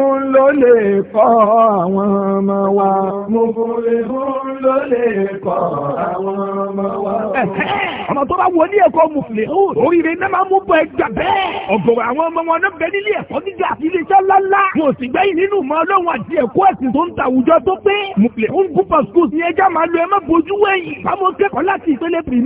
fún ló lè kọ́ àwọn wa. mo fòrè fún ló lè kọ́ àwọn ọmọ wa. ọmọ tó bá wọ ní ẹ̀kọ́ mo fìlè oríire náà máa mú bọ ẹgbà bẹ́ẹ̀. ọ̀gọ̀rọ̀ àwọn ọmọ wọn náà bẹ nílé ẹ̀kọ́ gíga àti iléeṣẹ́ mo sì gbẹ́yìn nínú ìmọ̀ ọlọ́run àti ẹ̀kọ́ ẹ̀sìn tó ń ta àwùjọ tó pé. mo fìlè hó gúpa schools ní ẹja máa lo ẹ má bojú báwo kẹ́kọ̀ọ́ láti ìpele pre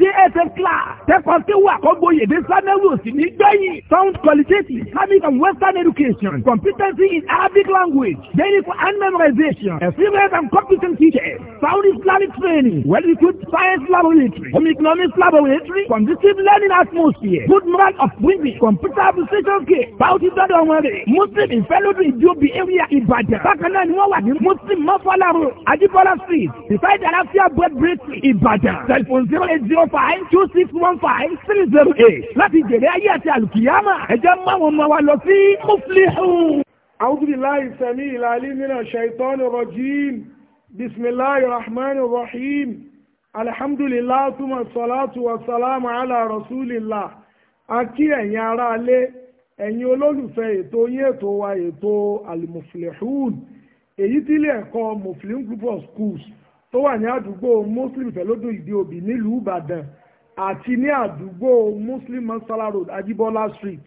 dss class tẹ́kọ̀ọ́ tí wà kọ́gbóyèdè sanẹ́wò sì ní gbẹ̀yìn. sound qualitative islamic and western education competent is Arabic language, daily Quran memorization, experienced and competent teachers, sound Islamic training, well-equipped science laboratory, home economics laboratory, conducive learning atmosphere, good moral of women, computer application kit, bounty dọ́dọ̀ wọn rè. Muslim ìfẹ́lódún ìjóbi area Ìbàdàn. Bákan náà ni wọ́n wà ní Muslim Mọ́fọ́lárò, Ajíbọ́lá street, beside Àlàáfíà bread bakery Ìbàdàn. Telephone zero eight zero five two six one five three zero eight. Láti jèrè ayé àti àlùkìyámà, ẹ jẹ́ mọ́ àwọn ọmọ wa lọ sí Muflihun. أعوذ بالله السميع العليم من الشيطان الرجيم بسم الله الرحمن الرحيم الحمد لله ثم الصلاة والسلام على رسول الله akí ẹ̀yin aráalé ẹ̀yin olólùfẹ́ ètò yín ètò wa ètò alimuflehun èyí tí ilé ẹ̀kọ́ muslim group of schools tó wà ní àdúgbò muslim fẹ́lódún ìdí òbí nílùú ìbàdàn àti ní àdúgbò muslim masala road ajibola street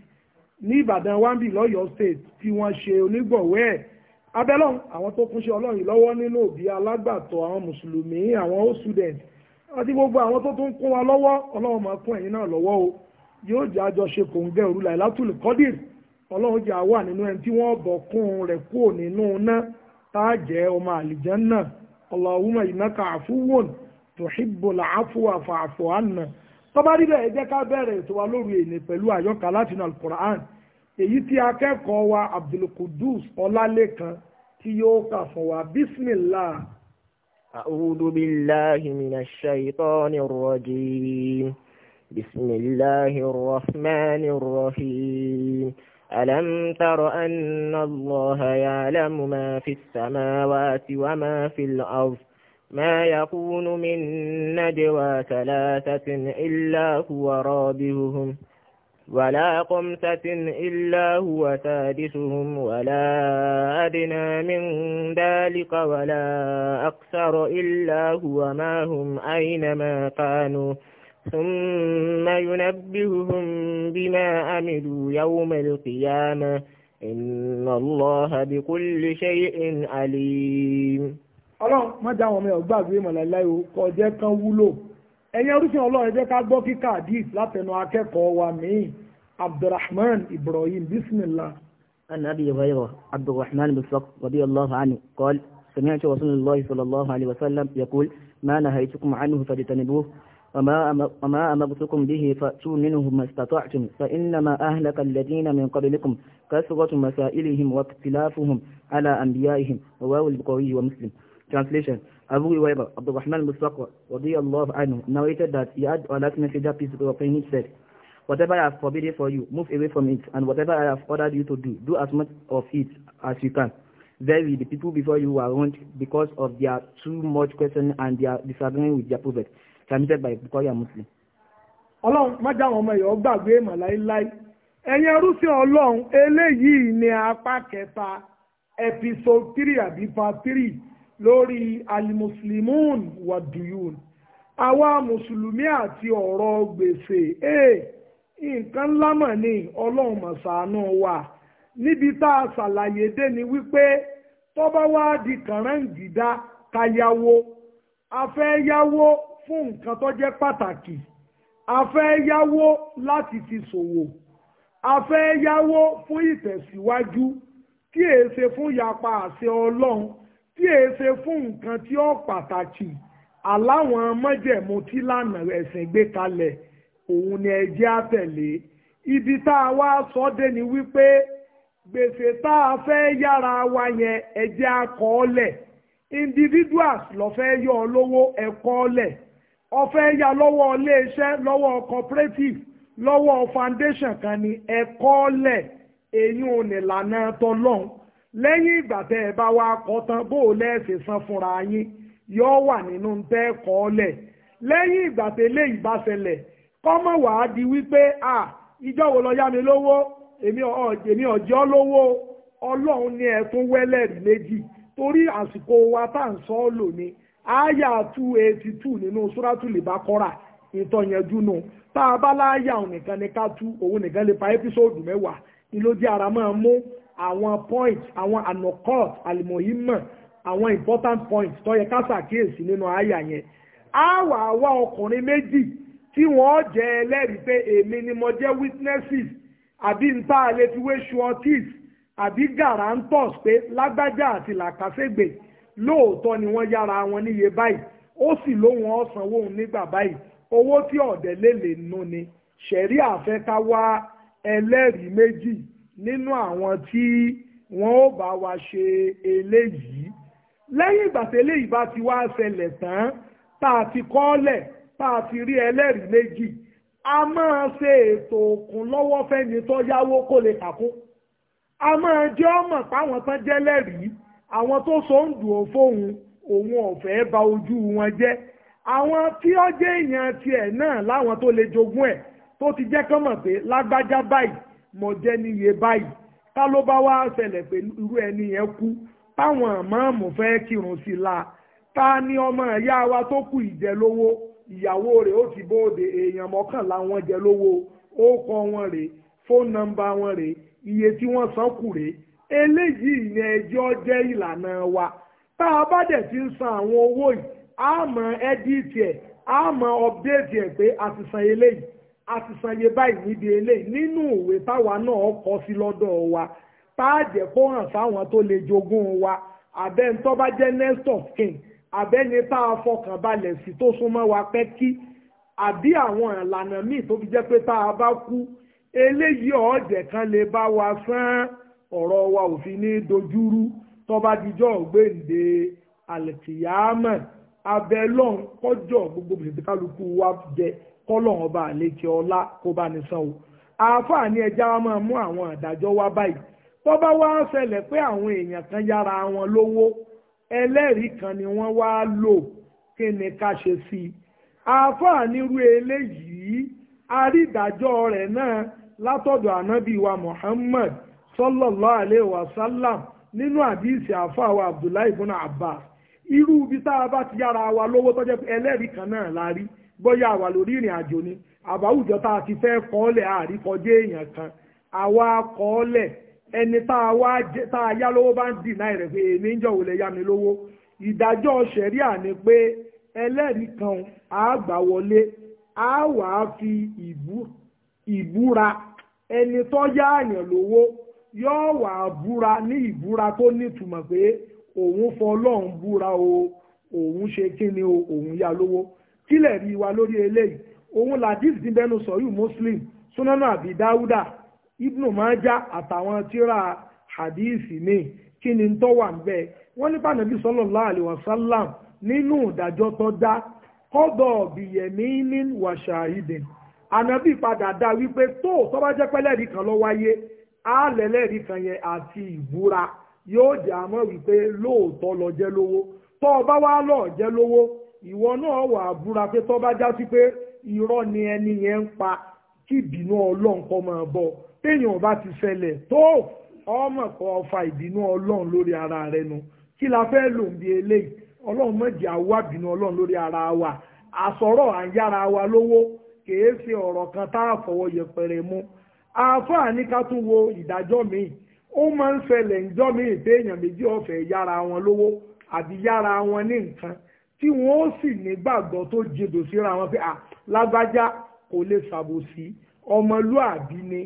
ní ìbàdàn wambi lọ́yọ̀ọ́ state tí wọ́n ṣe onígbọ̀wẹ́ ẹ̀ abẹ́lọ́n àwọn tó kúnṣe ọlọ́run lọ́wọ́ nínú òbí alágbàtọ́ àwọn mùsùlùmí àwọn old student àti gbogbo àwọn tó tún kún wa lọ́wọ́ ọlọ́run máa kún ẹ̀yin náà lọ́wọ́ o yóò jẹ́ àjọṣe kòǹgẹ́ òru làìlátùlù kọ́dìr ọlọ́run jẹ́ àwa nínú ẹni tí wọ́n bọ̀ kún rẹ̀ kúrò nínú iná tá a jẹ́ ọmọ àlìjẹ́n náà Allahumma innaka afuwun tuhibbul afwa fa'fu anna tọ́ba rí bẹ́ẹ̀ jẹ́ ká bẹ̀rẹ̀ ètò wa lóru èèní pẹ̀lú àyọkà láti inú alukur'an èyí tí akẹ́kọ̀ọ́ wa abdulkudus ọlálẹ́kan tí yóò kà fún wa bismillah. أعوذ بالله من الشيطان الرجيم بسم الله الرحمن الرحيم ألم تر أن الله يعلم ما في السماوات وما في الأرض ما يكون من نجوى ثلاثة إلا هو رابعهم ولا خمسة إلا هو سادسهم ولا أدنى من ذلك ولا أكثر إلا هو ما هم أينما كانوا ثم ينبههم بما عملوا يوم القيامة إن الله بكل شيء عليم ọlọ́run má dá àwọn ọmọ ẹ̀ gbàgbé mọ̀láìláì o kò jẹ́ kán wúlò ẹ̀yin orísun ọlọ́run ẹ jẹ́ ká gbọ́ kíkà hadith látẹnu akẹ́kọ̀ọ́ wa míì abdulrahman ibrahim bismillah. عن أبي هريرة عبد الرحمن بن صخر رضي الله عنه قال سمعت رسول الله صلى الله عليه وسلم يقول ما نهيتكم عنه فاجتنبوه وما وما أمرتكم به فأتوا منه ما استطعتم فإنما أهلك الذين من قبلكم كثرة مسائلهم واختلافهم على أنبيائهم رواه البخاري ومسلم Translation, Abu Iwaiba, Abdurrahman Musaqwa, radiallahu anhu, narrated that he had a last messenger, peace be upon him, said, Whatever I have forbidden for you, move away from it, and whatever I have ordered you to do, do as much of it as you can. Verily, the people before you were ruined because of their too much question and their disagreement with their prophet, transmitted by Bukhari and Muslim. Ọlọ́run má já àwọn ọmọ ẹ̀yọ́ gbàgbé màláíláí. Ẹ̀yin ẹrúsìn Ọlọ́run eléyìí ni apá kẹta episode three àbí part three lórí alimuslimun wa duyun àwa mùsùlùmí àti ọ̀rọ̀ gbèsè ee eh, nǹkan ńlá mọ̀ ní ọlọ́run mọ̀sánú wa níbi tá a ṣàlàyé dé ni wípé tọ́ba wa di kànáńgídá ká yáwó a fẹ́ yáwó fún nǹkan tó jẹ́ pàtàkì a fẹ́ yáwó láti fi ṣòwò a fẹ́ yáwó fún ìtẹ̀síwájú kí èé fún yapa àṣẹ ọlọ́run tí èé ṣe fún nǹkan tí ó pàtàkì aláwọn mọ́jẹ̀mú tí lànà ẹ̀sìn gbé kalẹ̀ òun ni ẹ jẹ́ àtẹ̀lé ibi tá a wá sọ dé ni wípé gbèsè tá a fẹ́ yára wa yẹn ẹ jẹ́ àkọọ́lẹ̀ individuals ló fẹ́ yọ ọ lówó ẹ̀kọ́ọ́lẹ̀ ó fẹ́ yá lọ́wọ́ iléeṣẹ́ lọ́wọ́ cooperative lọ́wọ́ foundation kan ni ẹ̀kọ́ọ́lẹ̀ èyí ò ní lànà tọ́lọ́hún lẹ́yìn ìgbà tẹ́ ẹ bá wá kọ́ tán bó o lẹ́ẹ̀sì san fúnra yín yóò wà nínú tẹ́ kọ́ lẹ̀ lẹ́yìn ìgbà tẹ́ léyìí bá ṣẹlẹ̀ kọ́mọ̀ wàá di wípé à ìjọ wo lọ yá mi lówó èmi ọ̀jọ́ lówó ọlọ́run ní ẹ̀tún wẹ́lẹ́rì méjì torí àsìkò wa tá à ń sọ ọ́ lò ní àyà two eighty two nínú sóràtúlì bá kọ́ra ìtọ̀yẹ̀dú nù tá a bá láyà òun nìkan ni ká tú òun nìkan lè pa ẹ́písòdù mẹ́wàá ni ló jẹ́ ara máa mú àwọn points, àwọn anokot alimoyimọ àwọn important points. tó yẹ ká ṣàkíyèsí nínú àyà yẹn á wà wá ọkùnrin méjì tí wọ́n jẹ́ ẹlẹ́rìí pé èmi ni mo jẹ́ witnesses àbí nta àlefiwé sureties àbí guarantors pé lágbájá àti làkàṣègbè lóòótọ́ ni wọ́n yára wọn níye báyìí ó sì lóhun ọ̀sánwó nígbà báyìí owó tí ọ̀dẹ̀ lè lè nú ni ṣẹ̀rí àfẹ́ wá ẹlẹ́rìí méjì nínú àwọn tí wọ́n ó bá wa ṣe eléyìí lẹ́yìn ìgbà tí eléyìí bá ti wá ṣẹlẹ̀ tán tá a ti kọ́lẹ̀ tá a ti rí ẹlẹ́rìí méjì a máa ṣe ètò òkun lọ́wọ́ fẹ́ni tó yáwó kó lè kàkún a máa jẹ́ ọmọ páwọn tán jẹ́lẹ́rìí àwọn tó so ń dùn fóun òun ọ̀fẹ́ ba ojú wọn jẹ́ àwọn tí ó èèyàn tiẹ̀ náà láwọn tó lè jogún ẹ̀ tó ti jẹ́ kán pé lágbájá báyìí mo jẹ́ níye báyìí ká ló bá wá ṣẹlẹ̀ pé irú ẹni yẹn kú táwọn àmọ́ọ̀mù fẹ́ kírun sí la ta ni ọmọ ìyá wa tó kù ìjẹ lówó ìyàwó rẹ̀ ó ti bóde èèyàn mọ́kànlá wọn jẹ lówó ó kọ wọn rèé fóònù nọ́mbà wọn rèé iye tí wọ́n san kù rèé eléyìí ìyẹn ẹjọ́ jẹ́ ìlànà wa tá a bá dẹ̀ ti ń san àwọn owó yìí a ẹ́díìtì ẹ̀ a ọ̀bdẹ́ẹ̀tì ẹ̀ pé a ti san eléyìí a ti sanye báyìí níbi eléyìí nínú ìwé táwa náà kọ sí lọ́dọ̀ wa táàjẹ̀ kó hàn fáwọn tó lè jogún wa abẹ́ni tó bá jẹ́ next of kin abẹ́ni tá a fọkàn balẹ̀ sí tó súnmọ́ wa pẹ́ kí àbí àwọn ìlànà míì tó fi jẹ́ pé tá a bá kú eléyìí ọ̀ọ́dẹ̀ kan lè bá wa sán ọ̀rọ̀ wa ò fi ní dojúrú tó bá dijọ́ ògbéǹde àlẹ̀kìyàmọ̀ abẹ́ lọ́n kọjọ́ gbogbo bìtìtì kálukú wa jẹ kọ́lọ́n ọba àlejò ọlá kó bá ní san o àáfàá ní ẹja wa máa mú àwọn àdájọ́ wá báyìí tó bá wá ń ṣẹlẹ̀ pé àwọn èèyàn kan yára wọn lówó ẹlẹ́rìí kan ni wọ́n wá lò kí ni ká ṣe sí i àáfàá nírú eléyìí àrídájọ́ rẹ̀ náà látọ̀dọ̀ ànábì wa Muhammad sallallahu alaihi wasallam nínú àdìsí àáfàá wa Abdullahi ibn Abbas irú ibi tá a bá ti yára wa lówó tọ́jẹ́ ẹlẹ́rìí kan náà la rí bóyá àwa lórí ni àbáwùjọ tá a ti fẹ́ kọ́ọ́lẹ̀ àríkọjé èèyàn kan àwa kọ́ọ́lẹ̀ ẹni tá a wá jẹ tá a yá lówó bá ń rẹ̀ pé èmi ń yá mi lówó ìdájọ́ pé ẹlẹ́rìí kan wọlé a wà fi ìbúra ẹni yá àyàn lówó yóò wà á búra òun fọlọ́run búra o òun ṣe kí ni o òun yá lówó kílẹ̀ rí wa lórí eléyìí òun ladis ti bẹnu sọ̀yù muslim sunana àbí dáúdà ibnu maja àtàwọn tíra hadisi ni kí ni tó wà ń wọn wọ́n ní pànàbí sallallahu alaihi wasallam nínú ìdájọ́ tó dá kọ́dọ̀ bìyẹ̀mí ní wàṣàhídìn ànábì padà dá wípé tó tó bá jẹ́ pẹ́lẹ́rì kan ló wáyé á lẹ́lẹ́rì kan yẹn àti ìbúra yóò jẹ́ àmọ́ wípé lóòótọ́ lọ jẹ́ lówó tó o bá wá lọ jẹ́ lówó ìwọ náà wà á búra pé tó bá já sí pé irọ́ ni ẹni yẹn ń pa kí ìbínú ọlọ́run kọ́ máa bọ̀ téèyàn bá ti ṣẹlẹ̀ tó ọmọ kan fa ìbínú ọlọ́run lórí ara rẹ nu kí la fẹ́ lò ń bi eléyìí ọlọ́run mọ̀jẹ̀ àwọ̀ àbínú ọlọ́run lórí ara wa àsọ̀rọ̀ à ń yára wa lówó kèé ṣe ọ̀rọ̀ kan tá a fọwọ́ yẹpẹrẹ mú àáfàá ní ká tún wo ó máa ń ṣẹlẹ̀ ńjọ́ mi ìpé èèyàn méjì ọ̀fẹ́ yára wọn lówó àbí yára wọn ní nǹkan tí wọ́n ó sì nígbàgbọ́ tó jèdò síra wọn pé à lágbájá kò lè ṣàbòsí ọmọlúàbí ni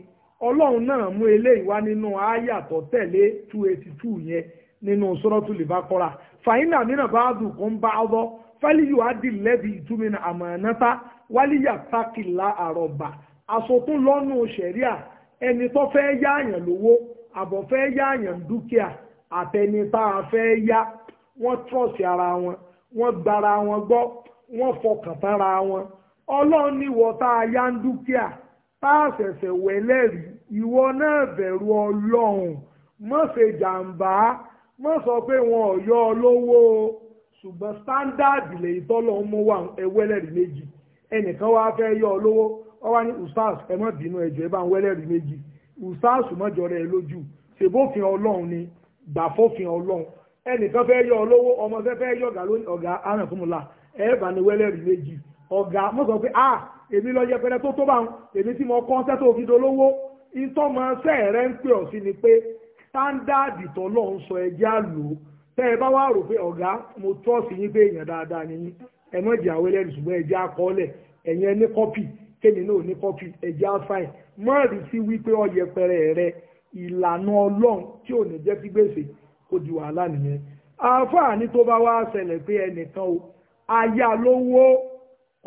ọlọ́run náà mú eléyìí wá nínú àyà tó tẹ̀lé two eighty two yẹn nínú sọ́rọ́tù lìbákọ́ra fàyínà mìíràn bá dùn kó ń bá ọ́dọ́ fálíyù adìlẹ́bì ìtumìnà àmọ̀nàta wálíyà pákìlá àrọ̀bà àsokún lọ́nù ṣẹ̀ríà ẹni tó fẹ́ yáàyàn lówó àbọ̀fẹ́ yáàyàn dúkìá àtẹni tá a fẹ́ yá wọ́n trọ́ọ̀sì ara wọn wọ́n gbara wọn gbọ́ wọ́n fọkàn tára wọn ọlọ́run níwọ̀ tá a yá ń dúkìá tá a ṣẹ̀ṣẹ̀ wẹ̀lẹ́rìí ìwọ náà bẹ̀rù ọlọ́run má ṣe jàǹbá má sọ pé wọn ò yọ ọ lówó ṣùgbọ́n sítándàdì lè tọ́lọ̀ mú wà ẹwẹ́lẹ́rìí méjì ẹnìkan wá fẹ́ yọ ọ lówó ọ wá ní ustaz ẹ má bínú ẹjọ́ ẹ bá ń wẹ́lẹ́rìí méjì ùsáàsù mọ́jọ rẹ̀ lójú ṣèbófin ọlọ́run ni gbàfófin ọlọ́run ẹnìkan fẹ́ yọ olówó ọmọ fẹ́ fẹ́ yọ ọ̀gá lónìí ọ̀gá aràn fún mi la ẹ̀ẹ́bà ni wẹ́lẹ́rì méjì ọ̀gá mo sọ pé ah èmi lọ yẹpẹrẹ tó tó bá ń èmi tí mo kọ́ sẹ́tò òfin dolówó ìtọ́mọ sẹ́ẹ̀rẹ́ ń pè ọ́ sí ni pé sáńdáàdì tọ́lọ́run sọ ẹjẹ́ àlò tẹ́ ẹ bá wá rò pé ọ̀gá mo tọ́ sí yín pé èèyàn dáadáa ni yín ẹ mọ̀ jẹ́ àwẹ́lẹ́rì ṣùgbọ́n ẹjẹ́ àkọọ́lẹ̀ ẹ̀yẹn ní kọ́pì kéde náà ní kọ́pì ẹ̀jẹ̀ àfàìn má rí sí wípé ọ̀yẹ̀pẹ̀rẹ̀ rẹ ìlànà ọlọ́run tí ò ní jẹ́ kí gbèsè kó di wàhálà nìyẹn àfààní tó bá wá ṣẹlẹ̀ pé ẹnìkan o aya lówó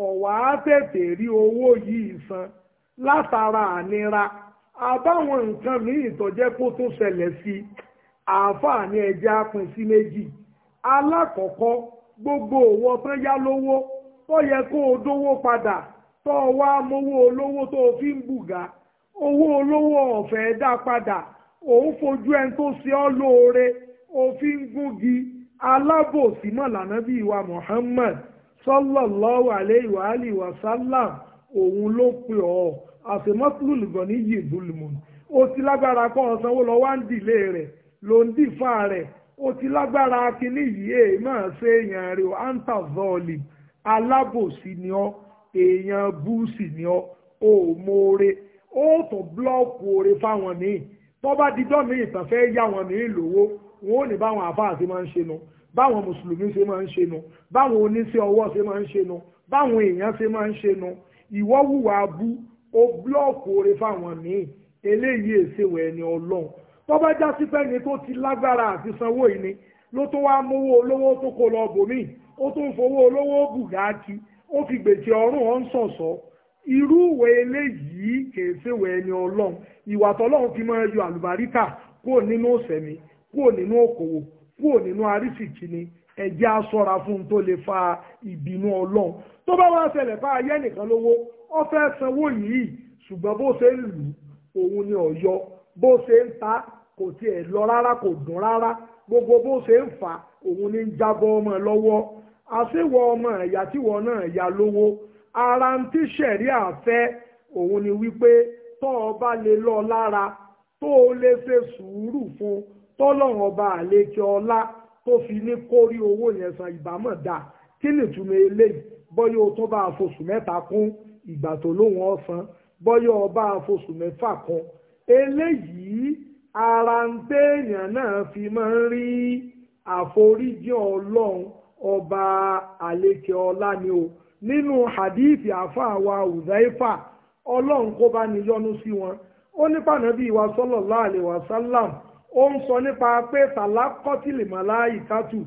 ọ̀wá tètè rí owó yìí san látara ànira àbáwọn nǹkan míì tó jẹ́ kó tún ṣẹlẹ̀ sí i àfààní ẹja sí méjì alákọ̀ọ́kọ́ gbogbo òwò tán yá lówó ó yẹ kó o dówó padà tó wá olówó tó fi ń owó olówó ọ̀fẹ́ dá padà òun fojú ẹni tó ṣe ọ́ lóore òfin gúngi alábòsí mọ̀ lànàbí wa Muhammad sallallahu alayhi wa alihi wa sallam òun ló pe ọ́ àfẹ́mọ́tìlú lùgàn ní yìbùlùmùn ó ti lágbára kọ́ ọ̀sánwó lọ wá ń dìlé rẹ̀ ló ń dìfà rẹ̀ ti lágbára kínní yìí èèyàn búùsì ni ọ ò mọ̀ọ́rẹ́ ó tún búlọ́ọ̀kù oore fáwọn míì tó bá dijọ́ míì tán fẹ́ yá wọn míì lówó wọn ò ní báwọn àfáà ṣe máa ń ṣe nu báwọn mùsùlùmí ṣe máa ń ṣe nu báwọn oníṣẹ́ ọwọ́ ṣe máa ń ṣe nu báwọn èèyàn ṣe máa ń ṣe nu ìwọ́ wùwà bú ó búlọ́ọ̀kù oore fáwọn míì eléyìí èsèwọ̀ ẹni ọlọ́run tó bá já sí pẹ́ni tó ti lágbára àti sanwó yìí ni ló tó wá mówó olówó tó kó lọ bòmíì ó tó fowó olówó bù dáàkì ó fi gbèsè ọrùn ọ̀ ń sọ̀sọ̀ irú ìwé eléyìí kìí ṣèwé ẹni ọlọ́run ìwà tọ́lọ́run fi máa yọ àlùbáríkà kúrò nínú òsẹ̀mí kúrò nínú òkòwò kúrò nínú arísìkí ni ẹ̀jẹ̀ aṣọ́ra fún tó lè fa ìbínú ọlọ́run tó bá wá ṣẹlẹ̀ bá ayé nìkan lówó ó fẹ́ sanwó yìí ṣùgbọ́n bó ṣe ń lù òun ni ọ̀yọ́ bó ṣe ń ta kò tiẹ̀ lọ rárá kò dùn rárá gbogbo bó ṣe ń fà òun ni ń jábọ́ ọmọ lọ́wọ́ àṣewọ ọmọ ẹ̀yà tíwọ náà ya lówó ara ń tí sẹ̀rí àfẹ́ òun ni wípé tó o bá lè lọ lára tó o lè ṣe sùúrù fún tọ́lọ́run ọba àlejò ọlá tó fi ní kórí owó yẹn san ìbámọ̀ dà kí nìtumọ̀ eléyìí bọ́yọ̀ tó bá a fosùn mẹ́ta kún ìgbà tó lóun ọ̀sán bọ́yọ̀ ọba a fosùn mẹ́fà kún eléyìí ara ń téèyàn náà fi máa ń rí àforíjì ọlọ́run ọba àlekè ọlá ni o nínú hadithi àfa wa uzaifa ọlọ́run kó bá ní yọ́nú sí wọn ó nípa nàbí ìwà sallallahu alaihi wasallam ó ń sọ nípa pé tàlákọ́tìlì màláìkátù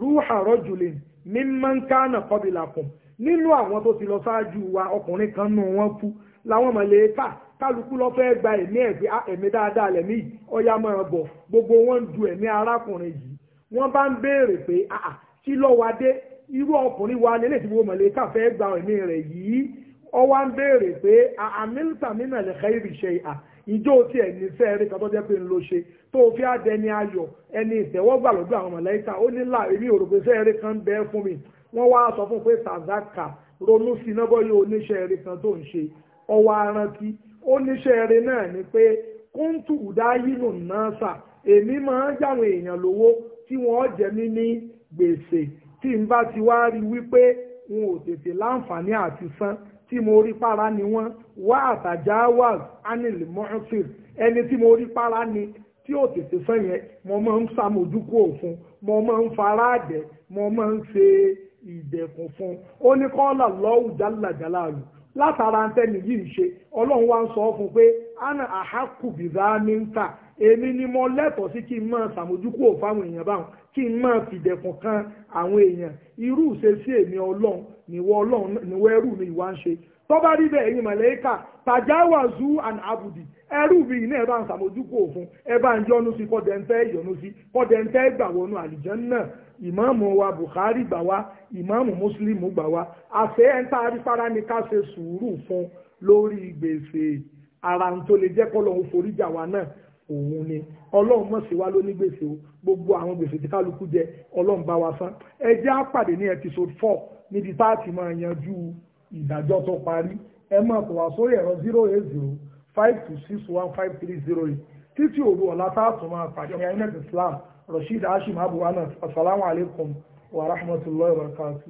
rúhà rọ́jùlẹ̀ mímọ́ńkánà kọ́bìlàkùn nínú àwọn tó ti lọ ṣáájú wa ọkùnrin kan nù wọ́n kú làwọn màlẹ́kà kálukú lọ fẹ́ gba ẹ̀mí ẹ̀gbẹ́ ẹ̀mí dáadáa lẹ̀mí ọ̀yà máa bọ̀ gbogbo wọn ń du ẹ̀mí arákùnrin yìí wọ́n bá ń béèrè pé kí lọ́wádé irú ọkùnrin wa lélẹ̀ tí wọ́n mọ̀lẹ́ káfẹ́ gba ẹ̀mí rẹ̀ yìí ọ wá ń béèrè pé àmìlítàmínà lè kẹ́rì ṣe à ìjọ tí ẹ̀ ní fẹ́ rí kátó jẹ́ pé ń lo ṣe tó fi á dẹni ayọ̀ ẹni ìtẹ́wọ́gbà lọ́dọ̀ àwọn mọ̀lẹ́ta ó ní láàrin mi ò rò pé fẹ́ rí kan bẹ́ẹ̀ fún mi wọ́n wá sọ fún pé tàzákà ronú sí iná bọ́yọ̀ oníṣẹ́ eré kan tó ń ṣe ọwọ́ arántí oníṣẹ́ eré náà ni pé kóńtù dáyínù náà sà èmi máa ń jáwọn èèyàn lówó tí wọ́n jẹ mí ní gbèsè tí n bá ti wá rí wípé n ò tètè láǹfààní àti san tí mo rí para ni wọ́n wá àtàjà waz anil mohsin ẹni tí mo rí para ni tí ò tètè san yẹn mo máa ń sàmójúkú òfun mo máa ń fara àdẹ mo máa ń ṣe ìdẹ̀kùn fún un ó ní kọ́ńlá lọ́wọ́ jálàjálà rù látara ntẹ́ni yìí ń ṣe ọlọ́run wá ń sọ fún pé ana àhákùbìrá ní ń ta èmi ni mo lẹ́tọ̀ọ́ sí kí n máa ṣàmójúkú ò fáwọn èèyàn báwọn kí n máa fìdẹ̀kùn kan àwọn èèyàn irú ìṣesí èmi ọlọ́run níwọ ọlọ́run níwọ ẹrú mi ìwà ń ṣe tó bá rí bẹ́ẹ̀ ẹ̀yin màlẹ́kà tàjáwàzú and abudi ẹrú mi iná ẹ bá ń ṣàmójúkú òfun ẹ bá ń yọnu sí kọ́dẹ̀ntẹ́ ìyọnu sí kọ́dẹ̀ntẹ́ gbà wọnú àlìjánnà ìmáàmù wa Bukhari gbà wá ìmáàmù Muslim gbà wá àṣẹ ẹ̀ ń tàbí fara ni ká ṣe sùúrù fún lórí gbèsè ara ń tó lè jẹ́ kọ́ lọ́hún foríjà wa náà òun ni ọlọ́run mọ̀ sí wa ló ní gbèsè o gbogbo àwọn gbèsè tí kálukú jẹ ọlọ́run bá wa san ẹ jẹ́ á pàdé ní episode four níbi tá a ti máa yanjú ìdájọ́ tó parí ẹ máa pọ̀ wá sórí ẹ̀rọ zero eight zero five two six one five three zero eight títí òru ọ̀la tá a tún máa pàdé ọmọ united islam rasheed hashim abu anas asalaamualeykum wa rahmatulahi wa barakatuh.